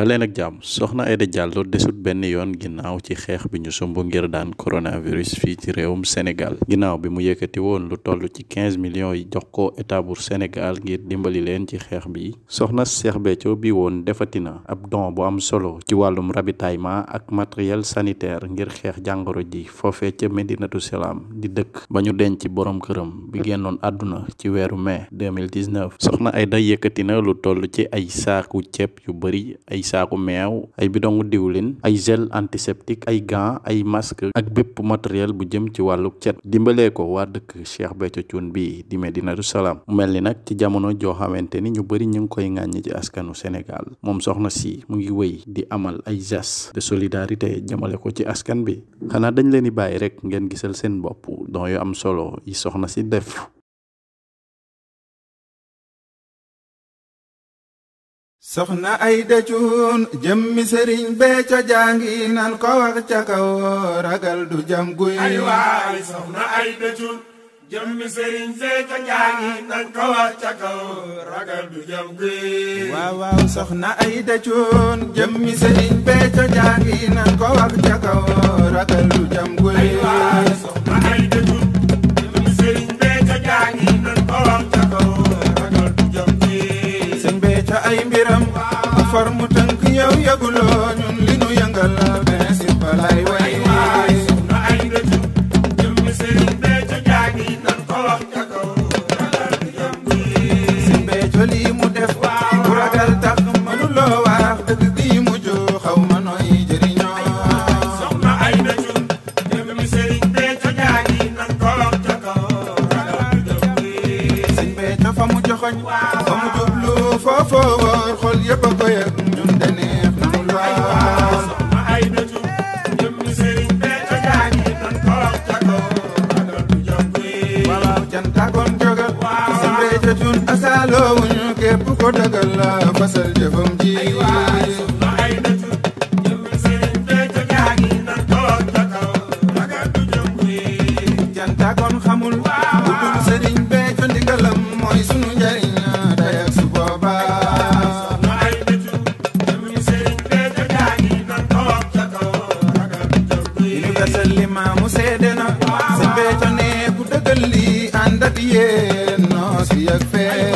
daleen ak jàmm soxna Aïda Diallo desut benn yoon ginnaaw ci xeex bi ñu sumb ngir daan coronavirus fii ci réewum Sénégal ginnaaw bi mu yëkkati woon lu toll ci 15 millions yi jox ko état bu Sénégal ngir dimbali leen ci xeex bi soxna Cheikh Béthio bi woon defati na ab don bu am solo ci wàllum ravitaillement ak matériel sanitaire ngir xeex jàngoro ji foofee ca Médinatu Salaam di dëkk ba ñu ci borom këram bi génnoon àdduna ci weeru mai 2019 soxna Aïda yëkkati na lu toll ci ay saaku ceeb yu bari ay saaku meew ay bidongu diwlin ay gel antiseptique ay gants ay masque ak bépp matériel bu jëm ci wàllu cet dimbalee ko waa dëkk Cheikh Béthio Thioune bi di Médinatoul Salam mel ni nag ci jamono joo xamante ni ñu bëri ñu ngi koy ŋàññi ci askanu Sénégal moom soxna si mu ngi wéy di amal ay gestes de solidarité jëmale ko ci askan bi xanaa dañ leen di bàyyi rek ngeen gisal seen bopp don yu am solo yi soxna si def soxna Ayda ay waay soxna Ayda Cuun jëmmi sëriñ bee ca jàngi nan ko ragal du jam guy waaw soxna Ayda Cuun jëmmi sëriñ bee ca jàngi nan ko ragal du jam guy far mu tënk yow yëguloo ñun li nu yëngal la benn balaay way waay soxna ay dëtu jëmmi sëriñ Béthio jaagi nan mu def ku ragal tax mënuloo wax dëgg gii mu joo xaw ma nooy jëriñoo soxna ay dëtu jëmmi sëriñ Béthio jaagi nan ko ca kaw ragal di jëm fa mu joxoñ fa mu jublu foofoo woor xol yëpp a koy ak ñun de neex na mu lool ma ay dëtu ñëm mi sëriñ bee ca gaañi doon ko wax ca ko ragal du jokk yi waaw cantakoon jogal waaw sa mbee ca cun asaaloo wuñu képp ko dagal la fasal jëfam ji na sëñ Béthio ne ku dëggal lii ànd ak yéen noo si ak fee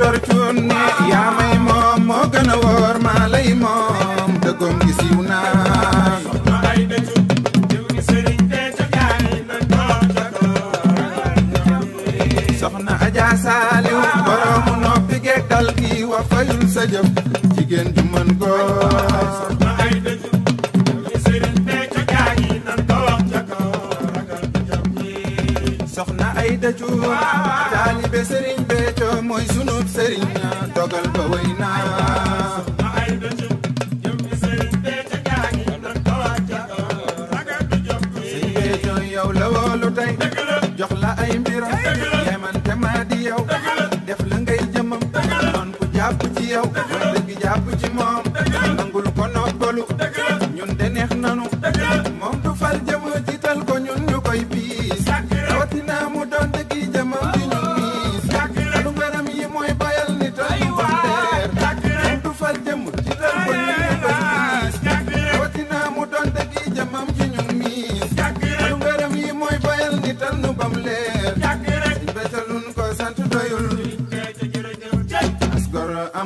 tor cuun ne yaa may moom moo gën a wóor maa lay moom dëggoom gi siiw naa soxna Aja Saaliw boroomu noppi geeg dal gi wa fayul sa jëf mooy sunub sëriñ dogal ba wëy naa yow la woolu jox la ay mbiram yemante maa di yow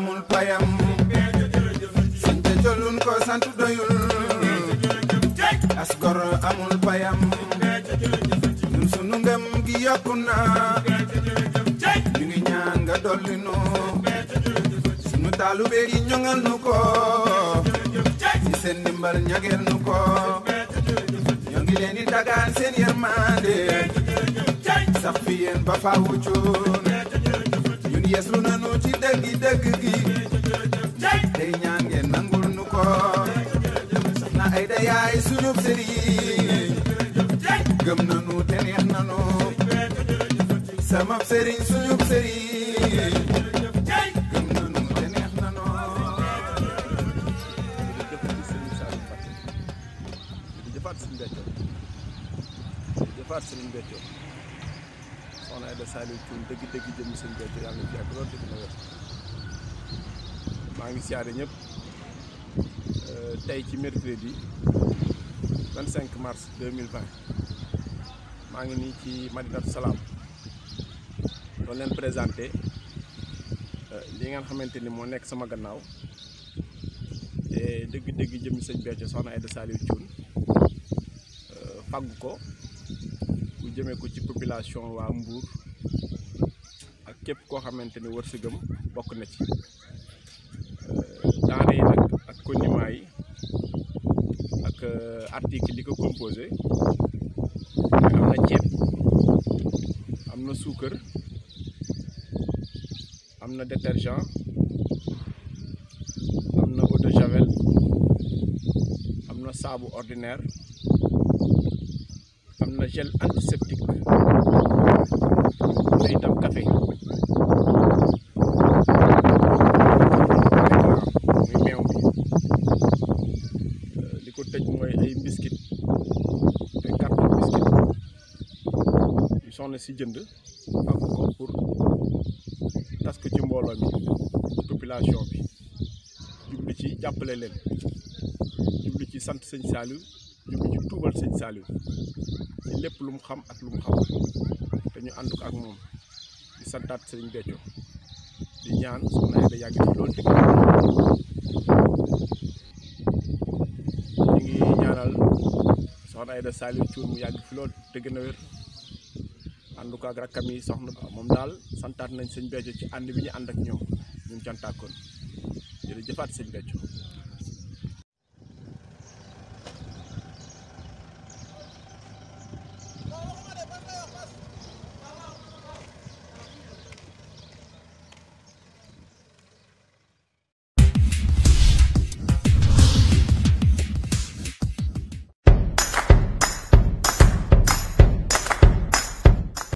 amul payam sant ca luñ ko sant doyul askor sunu ngëm gi ñoŋal nu ko ci seen ndimbal ñageel nu ko ñoo ngi leen dagaan seen yërmande sax fi ba faawu cuur yeeslu nanu ci dëgg dëgg gi tey ñaan nangul nu ko soxna Ayda yaay sunub sëriñ gëm nanu te neex nanu sama sëriñ sunub sëriñ gëm nanu te neex nanu soxna Aïda Saliou Thioune dëgg-dëgg jëmmi sëñ Béthio yàlla na yàgg loolu dëgg na wér maa ngi siyaare ñëpp euh, tey ci mercredi 25 mars 2020 maa ngi nii ci Madinatu Salaam doon leen présenté euh, li ngeen xamante ni moo nekk sama gannaaw te dëgg-dëgg jëm sëñ Béthio soxna Aïda Saliou Thioune euh, faggu ko bu jëmee ko ci population waa Mbour ak képp koo xamante ni wërsëgam bokk na ci denrée yi nag ak condiments yi ak euh, article yi ko composé am na ceeb am na suukar am na détergent am na eau de javel am na saabu ordinaire am na gel antiseptique te itam café muy meew bi euh, li ko tëj mooy ay biscuit ay carton biscuit soxna si jënd am ko pour tas ko ci mbooloo mi ci population bi jublu ci jàppale leen jublu ci sant sëñ Saliou tuubal sëñ Saliou ci lépp lu mu xam ak lu mu xam te ñu ànd ko ak moom di santaat sëñ Béthio di ñaan soxna Aida yàgg fi mu yàgg fi loolu dëgg na wér ànd ko ak rakkam yi soxna moom daal santaat nañ sëñ Béthio ci ànd bi ñu ànd ak ñoom ñun cantaakon jërëjëfaat sëñ Béthio